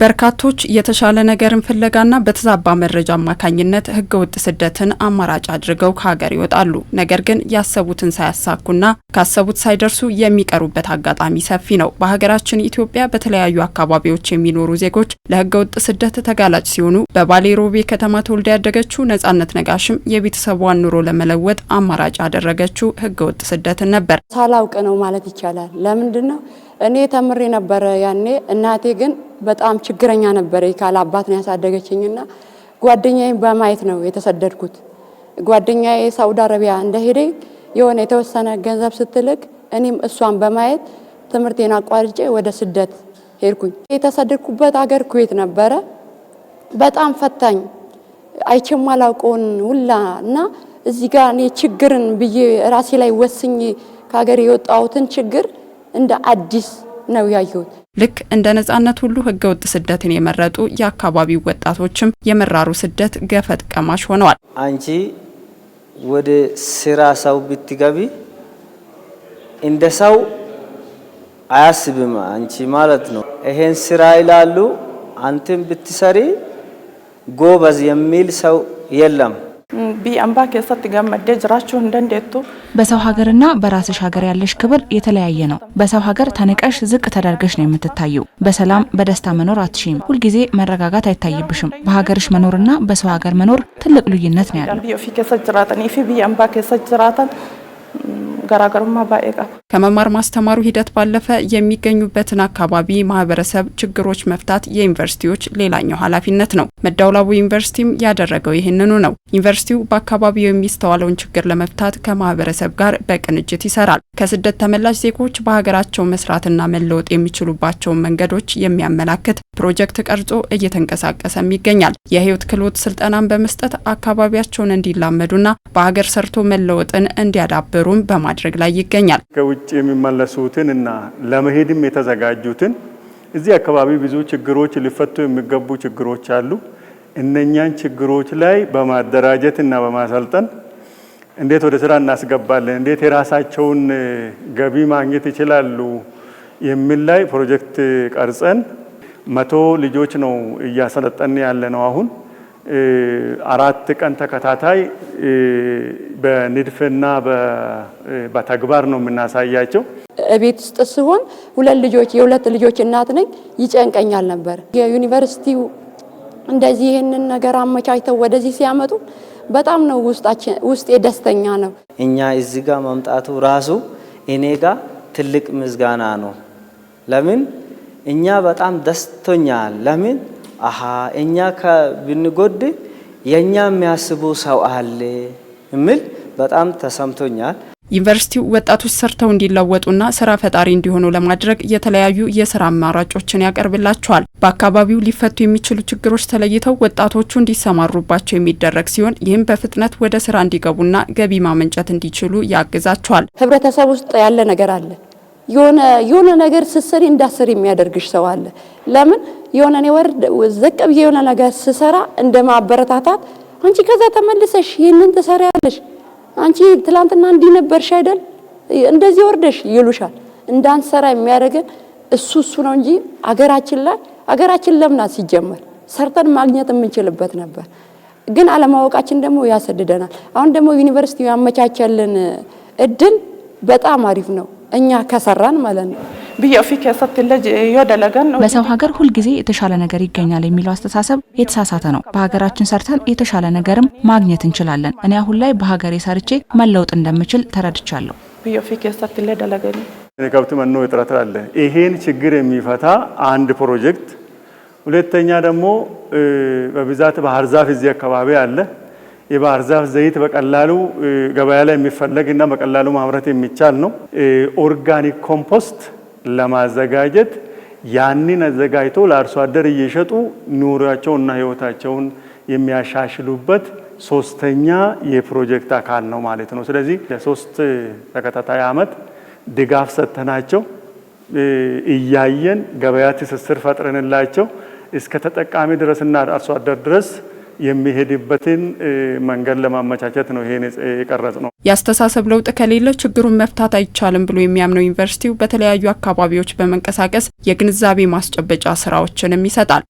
በርካቶች የተሻለ ነገርን ፍለጋና በተዛባ መረጃ አማካኝነት ህገወጥ ስደትን አማራጭ አድርገው ከሀገር ይወጣሉ። ነገር ግን ያሰቡትን ሳያሳኩና ካሰቡት ሳይደርሱ የሚቀሩበት አጋጣሚ ሰፊ ነው። በሀገራችን ኢትዮጵያ በተለያዩ አካባቢዎች የሚኖሩ ዜጎች ለህገወጥ ስደት ተጋላጭ ሲሆኑ፣ በባሌ ሮቤ ከተማ ተወልዳ ያደገችው ነጻነት ነጋሽም የቤተሰቧን ኑሮ ለመለወጥ አማራጭ ያደረገችው ህገወጥ ስደትን ነበር። ሳላውቅ ነው ማለት ይቻላል። ለምንድን ነው እኔ ተምሬ ነበረ ያኔ። እናቴ ግን በጣም ችግረኛ ነበረ። ካለ አባት ነው ያሳደገችኝና ጓደኛዬ በማየት ነው የተሰደድኩት። ጓደኛዬ ሳውዲ አረቢያ እንደሄደ የሆነ የተወሰነ ገንዘብ ስትልክ እኔም እሷን በማየት ትምህርቴን አቋርጬ ወደ ስደት ሄድኩኝ። የተሰደድኩበት አገር ኩዌት ነበረ። በጣም ፈታኝ አይቼም አላውቀውን ሁላ እና እዚህ ጋር እኔ ችግርን ብዬ ራሴ ላይ ወስኜ ከሀገር የወጣሁትን ችግር እንደ አዲስ ነው ያየሁት። ልክ እንደ ነጻነት ሁሉ ህገወጥ ስደትን የመረጡ የአካባቢው ወጣቶችም የመራሩ ስደት ገፈት ቀማሽ ሆነዋል። አንቺ ወደ ስራ ሰው ብትገቢ እንደ ሰው አያስብም አንቺ ማለት ነው። ይሄን ስራ ይላሉ አንተም ብትሰሪ ጎበዝ የሚል ሰው የለም። ቢ አምባ ከሰት ገመዴ ጅራችሁ እንደንዴቱ በሰው ሀገርና በራስሽ ሀገር ያለሽ ክብር የተለያየ ነው። በሰው ሀገር ተንቀሽ ዝቅ ተደርገሽ ነው የምትታዩ። በሰላም በደስታ መኖር አትሽም። ሁልጊዜ መረጋጋት አይታይብሽም። በሀገርሽ መኖርና በሰው ሀገር መኖር ትልቅ ልዩነት ነው ያለው። ቢ ኦፊ ከሰት ጅራተን ኢፊ ቢ አምባ ከሰት መገራገሩማ ባኤቃ ከመማር ማስተማሩ ሂደት ባለፈ የሚገኙበትን አካባቢ ማህበረሰብ ችግሮች መፍታት የዩኒቨርሲቲዎች ሌላኛው ኃላፊነት ነው። መዳውላቡ ዩኒቨርሲቲም ያደረገው ይህንኑ ነው። ዩኒቨርሲቲው በአካባቢው የሚስተዋለውን ችግር ለመፍታት ከማህበረሰብ ጋር በቅንጅት ይሰራል። ከስደት ተመላሽ ዜጎች በሀገራቸው መስራትና መለወጥ የሚችሉባቸውን መንገዶች የሚያመላክት ፕሮጀክት ቀርጾ እየተንቀሳቀሰም ይገኛል። የህይወት ክህሎት ስልጠናን በመስጠት አካባቢያቸውን እንዲላመዱና በሀገር ሰርቶ መለወጥን እንዲያዳብሩም በማድረግ በማድረግ ላይ ይገኛል። ከውጭ የሚመለሱትን እና ለመሄድም የተዘጋጁትን እዚህ አካባቢ ብዙ ችግሮች ሊፈቱ የሚገቡ ችግሮች አሉ። እነኛን ችግሮች ላይ በማደራጀት እና በማሰልጠን እንዴት ወደ ስራ እናስገባለን፣ እንዴት የራሳቸውን ገቢ ማግኘት ይችላሉ የሚል ላይ ፕሮጀክት ቀርጸን መቶ ልጆች ነው እያሰለጠን ያለ ነው አሁን አራት ቀን ተከታታይ በንድፍና በተግባር ነው የምናሳያቸው። ቤት ውስጥ ሲሆን ሁለት ልጆች የሁለት ልጆች እናት ነኝ፣ ይጨንቀኛል ነበር። የዩኒቨርሲቲው እንደዚህ ይህንን ነገር አመቻችተው ወደዚህ ሲያመጡ በጣም ነው ውስጤ ደስተኛ ነው። እኛ እዚህ ጋር መምጣቱ ራሱ እኔ ጋር ትልቅ ምስጋና ነው። ለምን እኛ በጣም ደስቶኛል። ለምን አሀ እኛ ብንጎድ የእኛ የሚያስቡ ሰው አለ የሚል በጣም ተሰምቶኛል። ዩኒቨርሲቲው ወጣቶች ሰርተው እንዲለወጡና ስራ ፈጣሪ እንዲሆኑ ለማድረግ የተለያዩ የስራ አማራጮችን ያቀርብላቸዋል። በአካባቢው ሊፈቱ የሚችሉ ችግሮች ተለይተው ወጣቶቹ እንዲሰማሩባቸው የሚደረግ ሲሆን ይህም በፍጥነት ወደ ስራ እንዲገቡና ገቢ ማመንጨት እንዲችሉ ያግዛቸዋል። ህብረተሰብ ውስጥ ያለ ነገር አለ የሆነ ነገር ስትሰሪ እንዳሰሪ የሚያደርግሽ ሰው አለ። ለምን የሆነ እኔ ወርድ ዘቅ ብዬ የሆነ ነገር ስሰራ እንደ ማበረታታት አንቺ ከዛ ተመልሰሽ ይህንን ትሰሪያለሽ፣ አንቺ ትላንትና እንዲህ ነበርሽ አይደል እንደዚህ ወርደሽ ይሉሻል። እንዳንሰራ የሚያደርገን እሱ እሱ ነው እንጂ አገራችን ላይ አገራችን ለምናት ሲጀመር ሰርተን ማግኘት የምንችልበት ነበር። ግን አለማወቃችን ደግሞ ያሰድደናል። አሁን ደግሞ ዩኒቨርሲቲው ያመቻቸልን እድል በጣም አሪፍ ነው። እኛ ከሰራን ማለት ነው። በሰው ሀገር ሁልጊዜ የተሻለ ነገር ይገኛል የሚለው አስተሳሰብ የተሳሳተ ነው። በሀገራችን ሰርተን የተሻለ ነገርም ማግኘት እንችላለን። እኔ አሁን ላይ በሀገሬ ሰርቼ መለውጥ እንደምችል ተረድቻለሁ። ከብት መኖ እጥረት አለ። ይሄን ችግር የሚፈታ አንድ ፕሮጀክት፣ ሁለተኛ ደግሞ በብዛት ባህር ዛፍ እዚህ አካባቢ አለ የባህር ዛፍ ዘይት በቀላሉ ገበያ ላይ የሚፈለግ እና በቀላሉ ማምረት የሚቻል ነው። ኦርጋኒክ ኮምፖስት ለማዘጋጀት ያንን አዘጋጅቶ ለአርሶ አደር እየሸጡ ኑሯቸውንና ህይወታቸውን የሚያሻሽሉበት ሶስተኛ የፕሮጀክት አካል ነው ማለት ነው። ስለዚህ ለሶስት ተከታታይ ዓመት ድጋፍ ሰጥተናቸው እያየን ገበያ ትስስር ፈጥረንላቸው እስከ ተጠቃሚ ድረስና አርሶ አደር ድረስ የሚሄድበትን መንገድ ለማመቻቸት ነው ይሄን የቀረጽ ነው። የአስተሳሰብ ለውጥ ከሌለ ችግሩን መፍታት አይቻልም ብሎ የሚያምነው ዩኒቨርሲቲው በተለያዩ አካባቢዎች በመንቀሳቀስ የግንዛቤ ማስጨበጫ ስራዎችንም ይሰጣል።